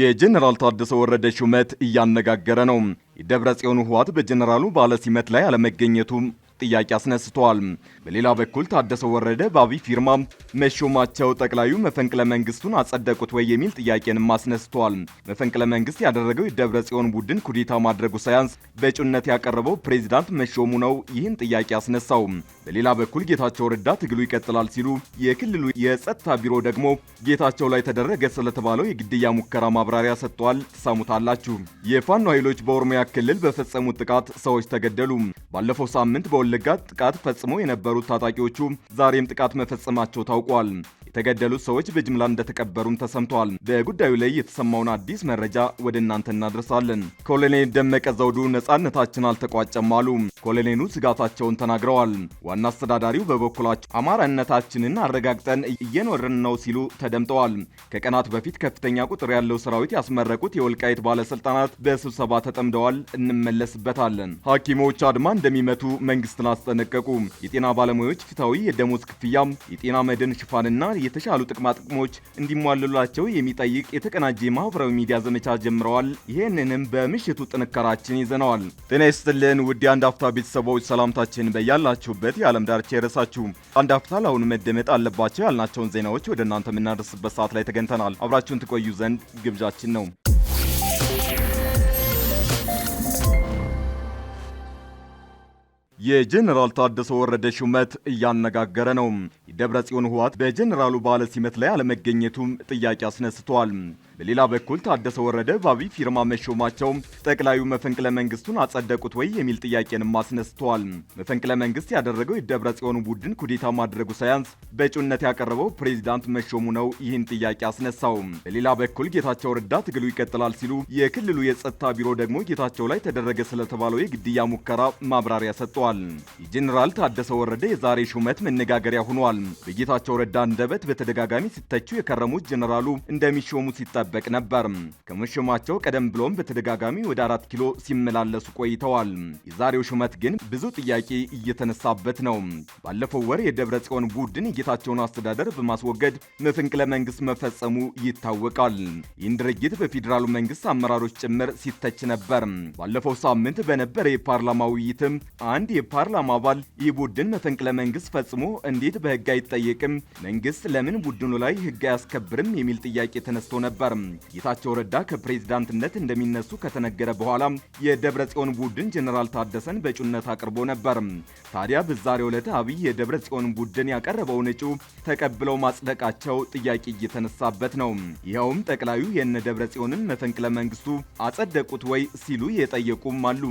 የጄኔራል ታደሰ ወረደ ሹመት እያነጋገረ ነው። የደብረ ጽዮን ህወሓት በጄኔራሉ ባለ ሲመት ላይ አለመገኘቱም ጥያቄ አስነስተዋል። በሌላ በኩል ታደሰ ወረደ በአብይ ፊርማ መሾማቸው ጠቅላዩ መፈንቅለ መንግስቱን አጸደቁት ወይ የሚል ጥያቄንም አስነስተዋል። መፈንቅለ መንግስት ያደረገው የደብረ ጽዮን ቡድን ኩዴታ ማድረጉ ሳያንስ በእጩነት ያቀረበው ፕሬዚዳንት መሾሙ ነው ይህን ጥያቄ አስነሳው። በሌላ በኩል ጌታቸው ረዳ ትግሉ ይቀጥላል ሲሉ፣ የክልሉ የጸጥታ ቢሮ ደግሞ ጌታቸው ላይ ተደረገ ስለተባለው የግድያ ሙከራ ማብራሪያ ሰጥቷል። ትሰሙታላችሁ። የፋኖ ኃይሎች በኦሮሚያ ክልል በፈጸሙት ጥቃት ሰዎች ተገደሉ። ባለፈው ሳምንት በ በወለጋ ጥቃት ፈጽሞ የነበሩት ታጣቂዎቹ ዛሬም ጥቃት መፈጸማቸው ታውቋል። የተገደሉት ሰዎች በጅምላ እንደተቀበሩም ተሰምተዋል። በጉዳዩ ላይ የተሰማውን አዲስ መረጃ ወደ እናንተ እናደርሳለን። ኮሎኔል ደመቀ ዘውዱ ነጻነታችን አልተቋጨም አሉ። ኮሎኔሉ ስጋታቸውን ተናግረዋል። ዋና አስተዳዳሪው በበኩላቸው አማራነታችንን አረጋግጠን እየኖርን ነው ሲሉ ተደምጠዋል። ከቀናት በፊት ከፍተኛ ቁጥር ያለው ሰራዊት ያስመረቁት የወልቃይት ባለስልጣናት በስብሰባ ተጠምደዋል። እንመለስበታለን። ሐኪሞች አድማ እንደሚመቱ መንግስትን አስጠነቀቁ። የጤና ባለሙያዎች ፊታዊ የደሞዝ ክፍያም፣ የጤና መድን ሽፋንና የተሻሉ ጥቅማ ጥቅሞች እንዲሟሉላቸው የሚጠይቅ የተቀናጀ የማህበራዊ ሚዲያ ዘመቻ ጀምረዋል። ይህንንም በምሽቱ ጥንከራችን ይዘነዋል። ጤና ይስጥልን ውድ አንድ አፍታ ቤተሰቦች ሰላምታችን በያላችሁበት የዓለም ዳርቻ የረሳችሁ አንድ አፍታ ለአሁኑ መደመጥ አለባቸው ያልናቸውን ዜናዎች ወደ እናንተ የምናደርስበት ሰዓት ላይ ተገኝተናል። አብራችሁን ትቆዩ ዘንድ ግብዣችን ነው። የጀነራል ታደሰ ወረደ ሹመት እያነጋገረ ነው። የደብረ ጽዮን ህወሓት በጀኔራሉ በዓለ ሲመት ላይ አለመገኘቱም ጥያቄ አስነስቷል። በሌላ በኩል ታደሰ ወረደ ባቢ ፊርማ መሾማቸው ጠቅላዩ መፈንቅለ መንግስቱን አጸደቁት ወይ የሚል ጥያቄንም አስነስተዋል። መፈንቅለ መንግስት ያደረገው የደብረ ጽዮኑ ቡድን ኩዴታ ማድረጉ ሳያንስ በእጩነት ያቀረበው ፕሬዚዳንት መሾሙ ነው ይህን ጥያቄ አስነሳው። በሌላ በኩል ጌታቸው ረዳ ትግሉ ይቀጥላል ሲሉ፣ የክልሉ የጸጥታ ቢሮ ደግሞ ጌታቸው ላይ ተደረገ ስለተባለው የግድያ ሙከራ ማብራሪያ ሰጥቷል። የጄኔራል ታደሰ ወረደ የዛሬ ሹመት መነጋገሪያ ሆኗል። በጌታቸው ረዳ አንደበት በተደጋጋሚ ሲተቹ የከረሙት ጄኔራሉ እንደሚሾሙ ሲጠ ይጠበቅ ነበር። ከመሾማቸው ቀደም ብሎም በተደጋጋሚ ወደ አራት ኪሎ ሲመላለሱ ቆይተዋል። የዛሬው ሹመት ግን ብዙ ጥያቄ እየተነሳበት ነው። ባለፈው ወር የደብረ ጽዮን ቡድን የጌታቸውን አስተዳደር በማስወገድ መፈንቅለ መንግስት መፈጸሙ ይታወቃል። ይህን ድርጊት በፌዴራሉ መንግስት አመራሮች ጭምር ሲተች ነበር። ባለፈው ሳምንት በነበረ የፓርላማ ውይይትም አንድ የፓርላማ አባል ይህ ቡድን መፈንቅለ መንግስት ፈጽሞ እንዴት በህግ አይጠየቅም? መንግስት ለምን ቡድኑ ላይ ህግ አያስከብርም? የሚል ጥያቄ ተነስቶ ነበር። ጌታቸው ረዳ ከፕሬዝዳንትነት እንደሚነሱ ከተነገረ በኋላ የደብረ ጽዮን ቡድን ጀኔራል ታደሰን በእጩነት አቅርቦ ነበር። ታዲያ በዛሬው ዕለት አብይ የደብረ ጽዮን ቡድን ያቀረበውን እጩ ተቀብለው ማጽደቃቸው ጥያቄ እየተነሳበት ነው። ይኸውም ጠቅላዩ የነ ደብረ ጽዮንን መፈንቅለ መንግስቱ አጸደቁት ወይ ሲሉ የጠየቁም አሉ።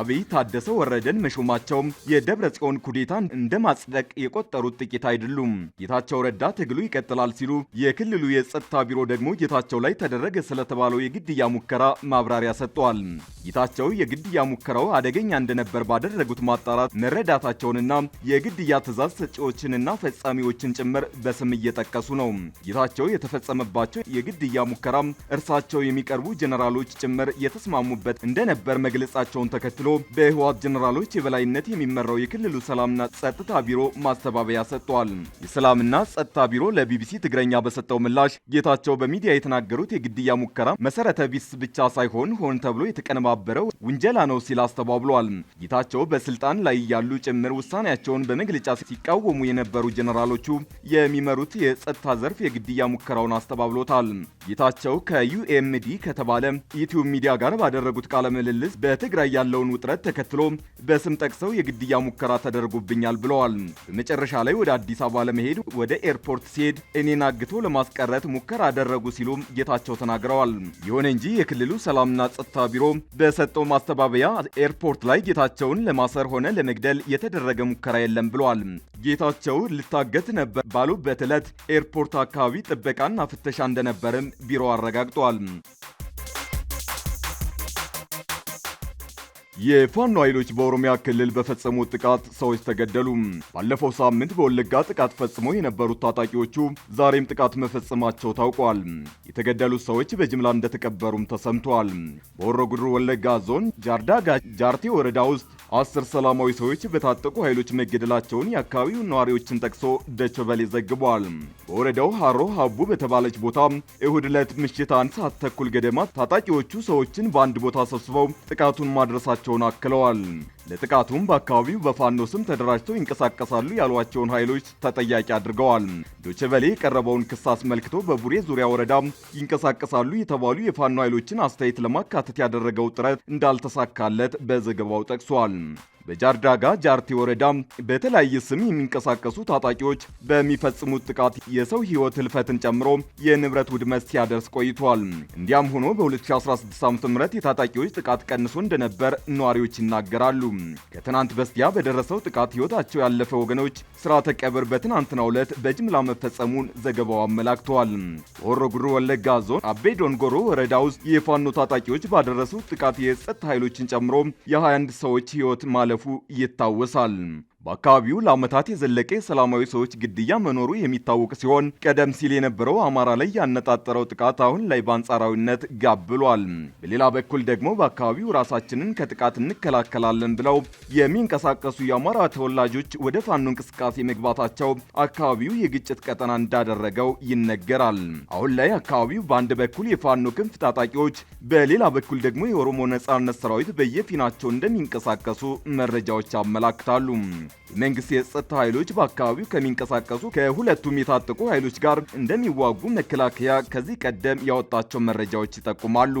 አብይ ታደሰ ወረደን መሾማቸው የደብረ ጽዮን ኩዴታ እንደ ማጽደቅ የቆጠሩት ጥቂት አይደሉም። ጌታቸው ረዳ ትግሉ ይቀጥላል ሲሉ የክልሉ የጸጥታ ቢሮ ደግሞ ጌታቸው ላይ ተደረገ ስለተባለው የግድያ ሙከራ ማብራሪያ ሰጥተዋል። ጌታቸው የግድያ ሙከራው አደገኛ እንደነበር ባደረጉት ማጣራት መረዳታቸውንና የግድያ ትዕዛዝ ሰጪዎችንና ፈጻሚዎችን ጭምር በስም እየጠቀሱ ነው። ጌታቸው የተፈጸመባቸው የግድያ ሙከራም እርሳቸው የሚቀርቡ ጀነራሎች ጭምር የተስማሙበት እንደነበር መግለጻቸውን ተከትሎ በህወሓት ጀኔራሎች የበላይነት የሚመራው የክልሉ ሰላምና ጸጥታ ቢሮ ማስተባበያ ሰጥቷል። የሰላምና ጸጥታ ቢሮ ለቢቢሲ ትግረኛ በሰጠው ምላሽ ጌታቸው በሚዲያ የተናገሩ የተናገሩት የግድያ ሙከራ መሰረተ ቢስ ብቻ ሳይሆን ሆን ተብሎ የተቀነባበረው ውንጀላ ነው ሲል አስተባብሏል። ጌታቸው በስልጣን ላይ ያሉ ጭምር ውሳኔያቸውን በመግለጫ ሲቃወሙ የነበሩ ጀኔራሎቹ የሚመሩት የጸጥታ ዘርፍ የግድያ ሙከራውን አስተባብሎታል። ጌታቸው ከዩኤምዲ ከተባለ ዩቲዩብ ሚዲያ ጋር ባደረጉት ቃለ ምልልስ በትግራይ ያለውን ውጥረት ተከትሎ በስም ጠቅሰው የግድያ ሙከራ ተደርጎብኛል ብለዋል። በመጨረሻ ላይ ወደ አዲስ አበባ ለመሄድ ወደ ኤርፖርት ሲሄድ እኔን አግቶ ለማስቀረት ሙከራ አደረጉ ሲሉም መዘግየታቸው ተናግረዋል። ይሁን እንጂ የክልሉ ሰላምና ጸጥታ ቢሮ በሰጠው ማስተባበያ ኤርፖርት ላይ ጌታቸውን ለማሰር ሆነ ለመግደል የተደረገ ሙከራ የለም ብለዋል። ጌታቸው ልታገት ነበር ባሉበት ዕለት ኤርፖርት አካባቢ ጥበቃና ፍተሻ እንደነበርም ቢሮ አረጋግጧል። የፋኖ ኃይሎች በኦሮሚያ ክልል በፈጸሙት ጥቃት ሰዎች ተገደሉ። ባለፈው ሳምንት በወለጋ ጥቃት ፈጽመው የነበሩት ታጣቂዎቹ ዛሬም ጥቃት መፈጸማቸው ታውቋል። የተገደሉት ሰዎች በጅምላ እንደተቀበሩም ተሰምቷል። በሆሮ ጉዱሩ ወለጋ ዞን ጃርዳጋ ጃርቴ ወረዳ ውስጥ አስር ሰላማዊ ሰዎች በታጠቁ ኃይሎች መገደላቸውን የአካባቢው ነዋሪዎችን ጠቅሶ ደቸበሌ ዘግቧል። በወረዳው ሃሮ ሀቡ በተባለች ቦታ እሁድ ዕለት ምሽት አንድ ሰዓት ተኩል ገደማ ታጣቂዎቹ ሰዎችን በአንድ ቦታ ሰብስበው ጥቃቱን ማድረሳቸውን አክለዋል። ለጥቃቱም በአካባቢው በፋኖ ስም ተደራጅተው ይንቀሳቀሳሉ ያሏቸውን ኃይሎች ተጠያቂ አድርገዋል። ዶችቨሌ የቀረበውን ክስ አስመልክቶ በቡሬ ዙሪያ ወረዳ ይንቀሳቀሳሉ የተባሉ የፋኖ ኃይሎችን አስተያየት ለማካተት ያደረገው ጥረት እንዳልተሳካለት በዘገባው ጠቅሷል። በጃርዳጋ ጃርቲ ወረዳ በተለያየ ስም የሚንቀሳቀሱ ታጣቂዎች በሚፈጽሙት ጥቃት የሰው ህይወት ህልፈትን ጨምሮ የንብረት ውድመት ሲያደርስ ቆይቷል። እንዲያም ሆኖ በ2016 ዓ ም የታጣቂዎች ጥቃት ቀንሶ እንደነበር ነዋሪዎች ይናገራሉ። ከትናንት በስቲያ በደረሰው ጥቃት ሕይወታቸው ያለፈ ወገኖች ስርዓተ ቀብር በትናንትናው ዕለት በጅምላ መፈጸሙን ዘገባው አመላክተዋል። ሆሮ ወለጋ ዞን አቤ ዶንጎሮ ወረዳ ውስጥ የፋኖ ታጣቂዎች ባደረሱት ጥቃት የጸጥታ ኃይሎችን ጨምሮ የ21 ሰዎች ሕይወት ማለ ማለፉ ይታወሳል። በአካባቢው ለዓመታት የዘለቀ የሰላማዊ ሰዎች ግድያ መኖሩ የሚታወቅ ሲሆን ቀደም ሲል የነበረው አማራ ላይ ያነጣጠረው ጥቃት አሁን ላይ በአንጻራዊነት ጋብሏል። በሌላ በኩል ደግሞ በአካባቢው ራሳችንን ከጥቃት እንከላከላለን ብለው የሚንቀሳቀሱ የአማራ ተወላጆች ወደ ፋኖ እንቅስቃሴ መግባታቸው አካባቢው የግጭት ቀጠና እንዳደረገው ይነገራል። አሁን ላይ አካባቢው በአንድ በኩል የፋኖ ክንፍ ታጣቂዎች፣ በሌላ በኩል ደግሞ የኦሮሞ ነጻነት ሰራዊት በየፊናቸው እንደሚንቀሳቀሱ መረጃዎች አመላክታሉ። የመንግስት የጸጥታ ኃይሎች በአካባቢው ከሚንቀሳቀሱ ከሁለቱም የታጠቁ ኃይሎች ጋር እንደሚዋጉ መከላከያ ከዚህ ቀደም ያወጣቸው መረጃዎች ይጠቁማሉ።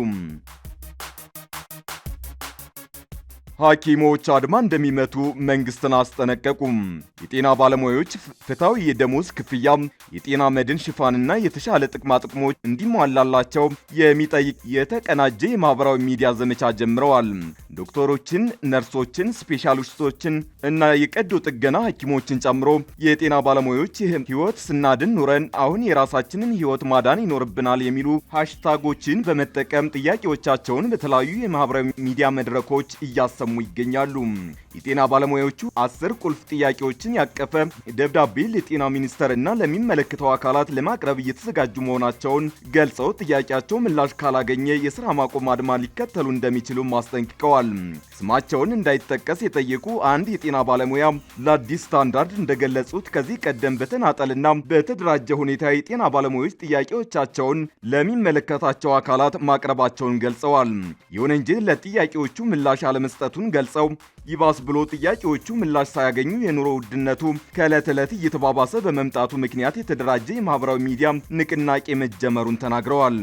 ሐኪሞች አድማ እንደሚመቱ መንግስትን አስጠነቀቁም። የጤና ባለሙያዎች ፍትሐዊ የደሞዝ ክፍያ፣ የጤና መድን ሽፋንና የተሻለ ጥቅማ ጥቅሞች እንዲሟላላቸው የሚጠይቅ የተቀናጀ የማህበራዊ ሚዲያ ዘመቻ ጀምረዋል። ዶክተሮችን፣ ነርሶችን፣ ስፔሻሊስቶችን እና የቀዶ ጥገና ሐኪሞችን ጨምሮ የጤና ባለሙያዎች ህይወት ስናድን ኑረን አሁን የራሳችንን ህይወት ማዳን ይኖርብናል የሚሉ ሃሽታጎችን በመጠቀም ጥያቄዎቻቸውን በተለያዩ የማህበራዊ ሚዲያ መድረኮች እያሰሙ ይገኛሉ። የጤና ባለሙያዎቹ አስር ቁልፍ ጥያቄዎችን ያቀፈ ደብዳቤ ለጤና ሚኒስቴር እና ለሚመለከተው አካላት ለማቅረብ እየተዘጋጁ መሆናቸውን ገልጸው ጥያቄያቸው ምላሽ ካላገኘ የስራ ማቆም አድማ ሊከተሉ እንደሚችሉ አስጠንቅቀዋል። ስማቸውን እንዳይጠቀስ የጠየቁ አንድ የጤና ባለሙያ ለአዲስ ስታንዳርድ እንደገለጹት ከዚህ ቀደም በተናጠልና በተደራጀ ሁኔታ የጤና ባለሙያዎች ጥያቄዎቻቸውን ለሚመለከታቸው አካላት ማቅረባቸውን ገልጸዋል። ይሁን እንጂ ለጥያቄዎቹ ምላሽ አለመስጠቱን ገልጸው ይባስ ብሎ ጥያቄዎቹ ምላሽ ሳያገኙ የኑሮ ውድነት ውስንነቱ ከዕለት ዕለት እየተባባሰ በመምጣቱ ምክንያት የተደራጀ የማህበራዊ ሚዲያ ንቅናቄ መጀመሩን ተናግረዋል።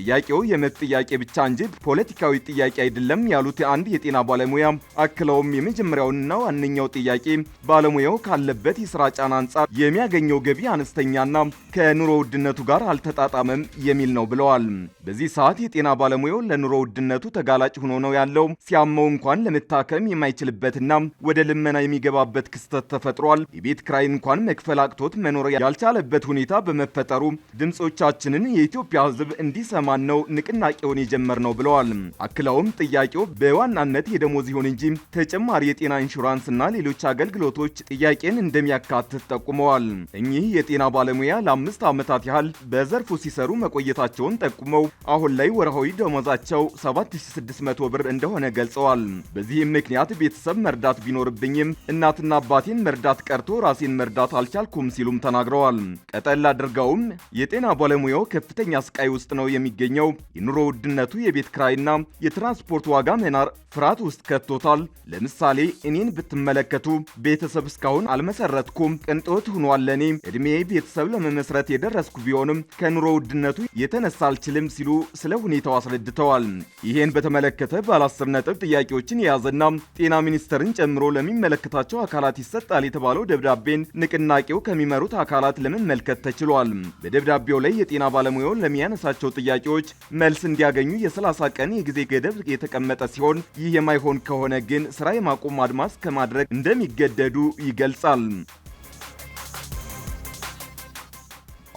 ጥያቄው የመብት ጥያቄ ብቻ እንጂ ፖለቲካዊ ጥያቄ አይደለም ያሉት አንድ የጤና ባለሙያ አክለውም የመጀመሪያውንና ዋነኛው ጥያቄ ባለሙያው ካለበት የስራ ጫና አንጻር የሚያገኘው ገቢ አነስተኛና ከኑሮ ውድነቱ ጋር አልተጣጣመም የሚል ነው ብለዋል። በዚህ ሰዓት የጤና ባለሙያው ለኑሮ ውድነቱ ተጋላጭ ሆኖ ነው ያለው። ሲያመው እንኳን ለመታከም የማይችልበትና ወደ ልመና የሚገባበት ክስተት ተፈጥሯል ተፈጥሯል። የቤት ክራይ እንኳን መክፈል አቅቶት መኖር ያልቻለበት ሁኔታ በመፈጠሩ ድምፆቻችንን የኢትዮጵያ ሕዝብ እንዲሰማን ነው ንቅናቄውን ነው ብለዋል። አክለውም ጥያቄው በዋናነት የደሞዝ ይሁን እንጂ ተጨማሪ የጤና ኢንሹራንስ እና ሌሎች አገልግሎቶች ጥያቄን እንደሚያካትት ጠቁመዋል። እኚህ የጤና ባለሙያ ለአምስት ዓመታት ያህል በዘርፉ ሲሰሩ መቆየታቸውን ጠቁመው አሁን ላይ ወርሃዊ ደሞዛቸው 7600 ብር እንደሆነ ገልጸዋል። በዚህም ምክንያት ቤተሰብ መርዳት ቢኖርብኝም እናትና አባቴን መርዳት መርዳት ቀርቶ ራሴን መርዳት አልቻልኩም ሲሉም ተናግረዋል። ቀጠል አድርገውም የጤና ባለሙያው ከፍተኛ ስቃይ ውስጥ ነው የሚገኘው። የኑሮ ውድነቱ የቤት ክራይና የትራንስፖርት ዋጋ መናር ፍርሃት ውስጥ ከቶታል። ለምሳሌ እኔን ብትመለከቱ ቤተሰብ እስካሁን አልመሰረትኩም፣ ቅንጦት ሆኗል ለኔ። እድሜ ቤተሰብ ለመመስረት የደረስኩ ቢሆንም ከኑሮ ውድነቱ የተነሳ አልችልም ሲሉ ስለ ሁኔታው አስረድተዋል። ይህን በተመለከተ ባለ አስር ነጥብ ጥያቄዎችን የያዘና ጤና ሚኒስቴርን ጨምሮ ለሚመለከታቸው አካላት ይሰጣል የተባለው ደብዳቤን ንቅናቄው ከሚመሩት አካላት ለመመልከት ተችሏል። በደብዳቤው ላይ የጤና ባለሙያው ለሚያነሳቸው ጥያቄዎች መልስ እንዲያገኙ የ30 ቀን የጊዜ ገደብ የተቀመጠ ሲሆን ይህ የማይሆን ከሆነ ግን ስራ የማቆም አድማስ ከማድረግ እንደሚገደዱ ይገልጻል።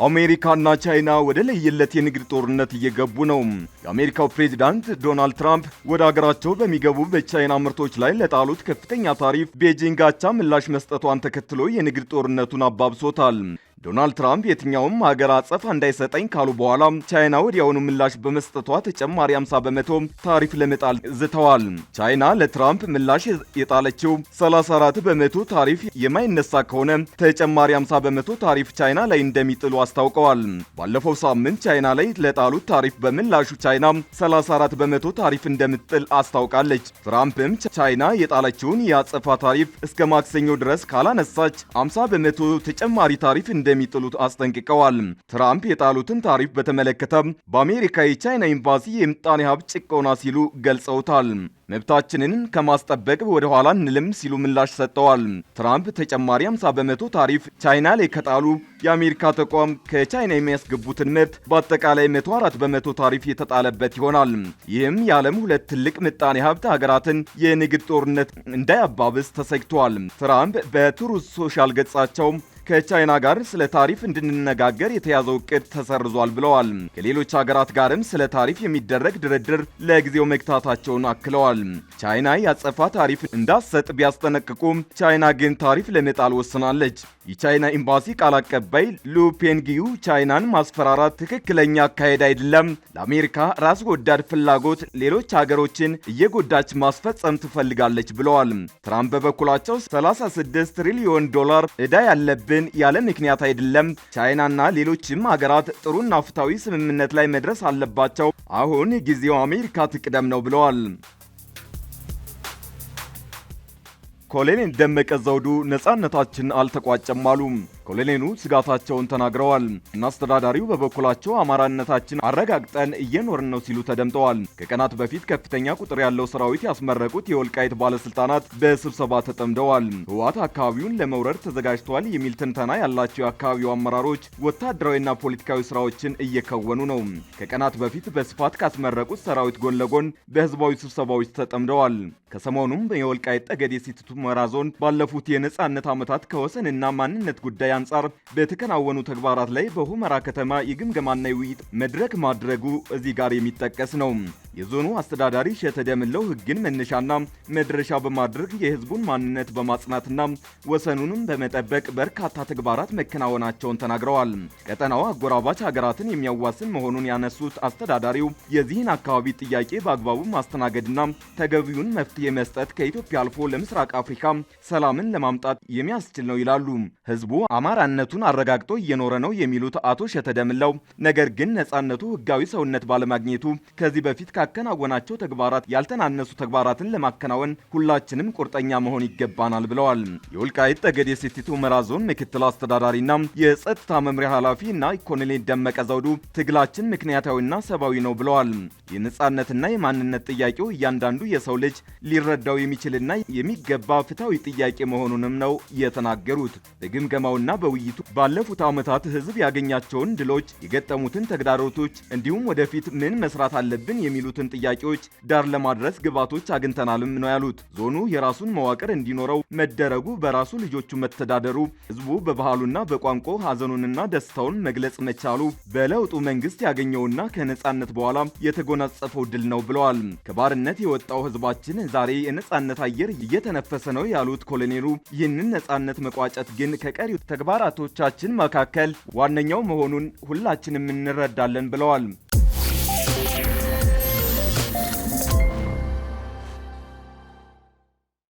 አሜሪካና ቻይና ወደ ለየለት የንግድ ጦርነት እየገቡ ነው። የአሜሪካው ፕሬዚዳንት ዶናልድ ትራምፕ ወደ አገራቸው በሚገቡ በቻይና ምርቶች ላይ ለጣሉት ከፍተኛ ታሪፍ ቤጂንግ አቻ ምላሽ መስጠቷን ተከትሎ የንግድ ጦርነቱን አባብሶታል። ዶናልድ ትራምፕ የትኛውም ሀገር አጸፋ እንዳይሰጠኝ ካሉ በኋላ ቻይና ወዲያውኑ ምላሽ በመስጠቷ ተጨማሪ 50 በመቶ ታሪፍ ለመጣል ዝተዋል። ቻይና ለትራምፕ ምላሽ የጣለችው 34 በመቶ ታሪፍ የማይነሳ ከሆነ ተጨማሪ 50 በመቶ ታሪፍ ቻይና ላይ እንደሚጥሉ አስታውቀዋል። ባለፈው ሳምንት ቻይና ላይ ለጣሉት ታሪፍ በምላሹ ቻይና 34 በመቶ ታሪፍ እንደምትጥል አስታውቃለች። ትራምፕም ቻይና የጣለችውን የአጸፋ ታሪፍ እስከ ማክሰኞ ድረስ ካላነሳች 50 በመቶ ተጨማሪ ታሪፍ እንደ እንደሚጥሉት አስጠንቅቀዋል። ትራምፕ የጣሉትን ታሪፍ በተመለከተ በአሜሪካ የቻይና ኤምባሲ የምጣኔ ሀብት ጭቆና ሲሉ ገልጸውታል። መብታችንን ከማስጠበቅ ወደ ኋላ እንልም ሲሉ ምላሽ ሰጥተዋል። ትራምፕ ተጨማሪ 50 በመቶ ታሪፍ ቻይና ላይ ከጣሉ የአሜሪካ ተቋም ከቻይና የሚያስገቡትን ምርት በአጠቃላይ 104 በመቶ ታሪፍ የተጣለበት ይሆናል። ይህም የዓለም ሁለት ትልቅ ምጣኔ ሀብት ሀገራትን የንግድ ጦርነት እንዳያባብስ ተሰግቷል። ትራምፕ በትሩዝ ሶሻል ገጻቸው ከቻይና ጋር ስለ ታሪፍ እንድንነጋገር የተያዘው እቅድ ተሰርዟል ብለዋል። ከሌሎች ሀገራት ጋርም ስለ ታሪፍ የሚደረግ ድርድር ለጊዜው መግታታቸውን አክለዋል። ቻይና ያጸፋ ታሪፍ እንዳሰጥ ቢያስጠነቅቁም ቻይና ግን ታሪፍ ለመጣል ወስናለች። የቻይና ኤምባሲ ቃል አቀባይ ሉፔንጊዩ ቻይናን ማስፈራራት ትክክለኛ አካሄድ አይደለም፣ ለአሜሪካ ራስ ወዳድ ፍላጎት ሌሎች ሀገሮችን እየጎዳች ማስፈጸም ትፈልጋለች ብለዋል። ትራምፕ በበኩላቸው 36 ትሪሊዮን ዶላር ዕዳ ያለብን ግን ያለ ምክንያት አይደለም። ቻይናና ሌሎችም ሀገራት ጥሩና ፍታዊ ስምምነት ላይ መድረስ አለባቸው። አሁን ጊዜው አሜሪካ ትቅደም ነው ብለዋል። ኮሎኔል ደመቀ ዘውዱ ነጻነታችን አልተቋጨም አሉ። ኮሎኔሉ ስጋታቸውን ተናግረዋል። እና አስተዳዳሪው በበኩላቸው አማራነታችን አረጋግጠን እየኖርን ነው ሲሉ ተደምጠዋል። ከቀናት በፊት ከፍተኛ ቁጥር ያለው ሰራዊት ያስመረቁት የወልቃይት ባለስልጣናት በስብሰባ ተጠምደዋል። ህወሓት አካባቢውን ለመውረር ተዘጋጅተዋል የሚል ትንተና ያላቸው የአካባቢው አመራሮች ወታደራዊና ፖለቲካዊ ስራዎችን እየከወኑ ነው። ከቀናት በፊት በስፋት ካስመረቁት ሰራዊት ጎን ለጎን በህዝባዊ ስብሰባዎች ተጠምደዋል። ከሰሞኑም የወልቃይት ጠገዴ ሲቲት ሁመራ ዞን ባለፉት የነጻነት ዓመታት ከወሰንና ማንነት ጉዳይ ጉዳይ አንጻር በተከናወኑ ተግባራት ላይ በሁመራ ከተማ የግምገማና የውይይት መድረክ ማድረጉ እዚህ ጋር የሚጠቀስ ነው። የዞኑ አስተዳዳሪ ሸተደምለው ሕግን መነሻና መድረሻ በማድረግ የህዝቡን ማንነት በማጽናትና ወሰኑንም በመጠበቅ በርካታ ተግባራት መከናወናቸውን ተናግረዋል። ቀጠናው አጎራባች ሀገራትን የሚያዋስን መሆኑን ያነሱት አስተዳዳሪው የዚህን አካባቢ ጥያቄ በአግባቡ ማስተናገድና ተገቢውን መፍትሄ መስጠት ከኢትዮጵያ አልፎ ለምስራቅ አፍሪካ ሰላምን ለማምጣት የሚያስችል ነው ይላሉ። ህዝቡ አማራነቱን አረጋግጦ እየኖረ ነው የሚሉት አቶ ሸተደምለው ነገር ግን ነጻነቱ ህጋዊ ሰውነት ባለማግኘቱ ከዚህ በፊት ካከናወናቸው ተግባራት ያልተናነሱ ተግባራትን ለማከናወን ሁላችንም ቁርጠኛ መሆን ይገባናል ብለዋል። የወልቃይት ጠገዴ ሰቲት ሁመራ ዞን ምክትል አስተዳዳሪና የጸጥታ መምሪያ ኃላፊ እና ኮሎኔል ደመቀ ዘውዱ ትግላችን ምክንያታዊና ሰብአዊ ነው ብለዋል። የነጻነትና የማንነት ጥያቄው እያንዳንዱ የሰው ልጅ ሊረዳው የሚችልና የሚገባ ፍትሐዊ ጥያቄ መሆኑንም ነው የተናገሩት። በግምገማውና እና በውይይቱ ባለፉት ዓመታት ህዝብ ያገኛቸውን ድሎች፣ የገጠሙትን ተግዳሮቶች እንዲሁም ወደፊት ምን መስራት አለብን የሚሉትን ጥያቄዎች ዳር ለማድረስ ግባቶች አግኝተናልም ነው ያሉት። ዞኑ የራሱን መዋቅር እንዲኖረው መደረጉ በራሱ ልጆቹ መተዳደሩ፣ ህዝቡ በባህሉና በቋንቋ ሀዘኑንና ደስታውን መግለጽ መቻሉ በለውጡ መንግስት ያገኘውና ከነጻነት በኋላ የተጎናጸፈው ድል ነው ብለዋል። ከባርነት የወጣው ህዝባችን ዛሬ የነጻነት አየር እየተነፈሰ ነው ያሉት ኮሎኔሉ ይህንን ነጻነት መቋጨት ግን ከቀሪው ተግባራቶቻችን መካከል ዋነኛው መሆኑን ሁላችንም እንረዳለን ብለዋል።